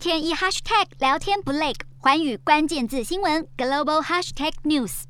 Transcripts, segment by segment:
天一 hashtag 聊天不累，寰宇關鍵字新聞 global hashtag news。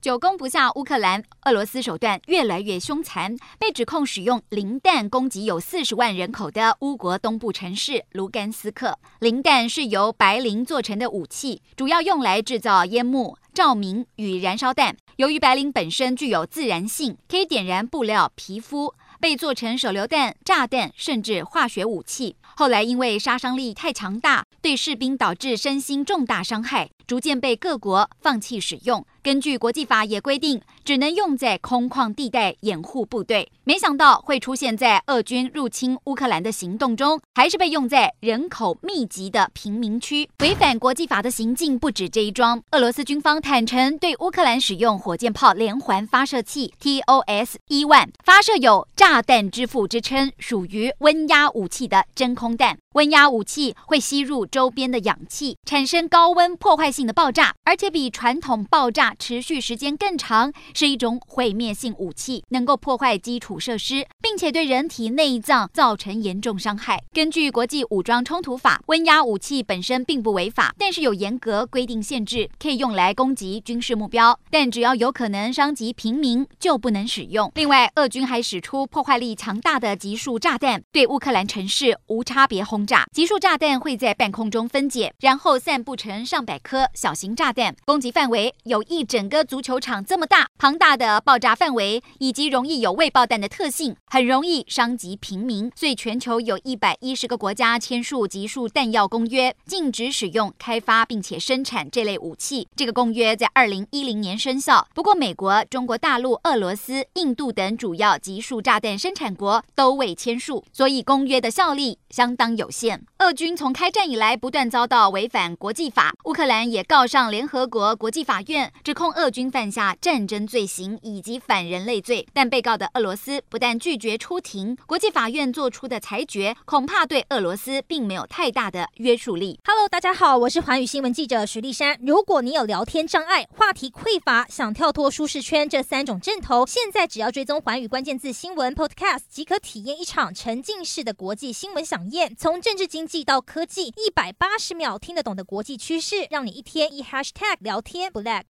久攻不下烏克蘭，俄羅斯手段越來越兇殘，被指控使用磷彈攻擊有四十萬人口的烏國東部城市盧甘斯克。磷彈是由白磷做成的武器，主要用來製造煙幕、照明與燃燒彈。由於白磷本身具有自燃性，可以點燃布料、皮膚。被做成手榴彈、炸彈，甚至化學武器。後來因為殺傷力太強大，對士兵導致身心重大傷害。逐漸被各國放棄使用，根據國際法也規定，只能用在空曠地帶掩護部隊。沒想到會出現在俄軍入侵烏克蘭的行動中，還是被用在人口密集的平民區。違反國際法的行徑不止這一樁。俄羅斯軍方坦承對烏克蘭使用火箭炮連環發射器 TOS 一萬發射，有炸彈之父之稱，屬於溫壓武器的真空彈。溫壓武器會吸入周邊的氧氣，產生高溫，破壞性的爆炸，而且比傳統爆炸持續時間更長，是一種毀滅性武器，能夠破壞基礎設施，並且對人體內臟造成嚴重傷害。根據國際武裝衝突法，溫壓武器本身並不違法，但是有嚴格規定限制，可以用來攻擊軍事目標，但只要有可能傷及平民，就不能使用。另外，俄軍還使出破壞力強大的集束炸彈，對烏克蘭城市無差別轟炸。集束炸彈會在半空中分解，然後散布成上百顆。小型炸彈，攻擊範圍有一整個足球場這麼大，龐大的爆炸範圍以及容易有未爆彈的特性，很容易傷及平民。所以全球有一百一十個國家簽署集束彈藥公約，禁止使用、開發並且生產這類武器。這個公約在二零一零年生效，不過美國、中國大陸、俄羅斯、印度等主要集束炸彈生產國都未簽署，所以公約的效力相當有限。俄軍從開戰以來不斷遭到違反國際法，烏克蘭。也告上聯合國國際法院，指控俄軍犯下戰爭罪行以及反人類罪，但被告的俄羅斯不但拒絕出庭，國際法院作出的裁決恐怕對俄羅斯並沒有太大的約束力。大家好，我是環宇新聞記者徐麗珊。如果你有聊天障礙、話題匱乏、想跳脫舒適圈這三種症頭，現在只要追蹤環宇關鍵字新聞 Podcast，即可體驗一場沉浸式的國際新聞饗宴。從政治經濟到科技，一百八十秒聽得懂的國際趨勢，讓你一天一 Hashtag 聊天 Black。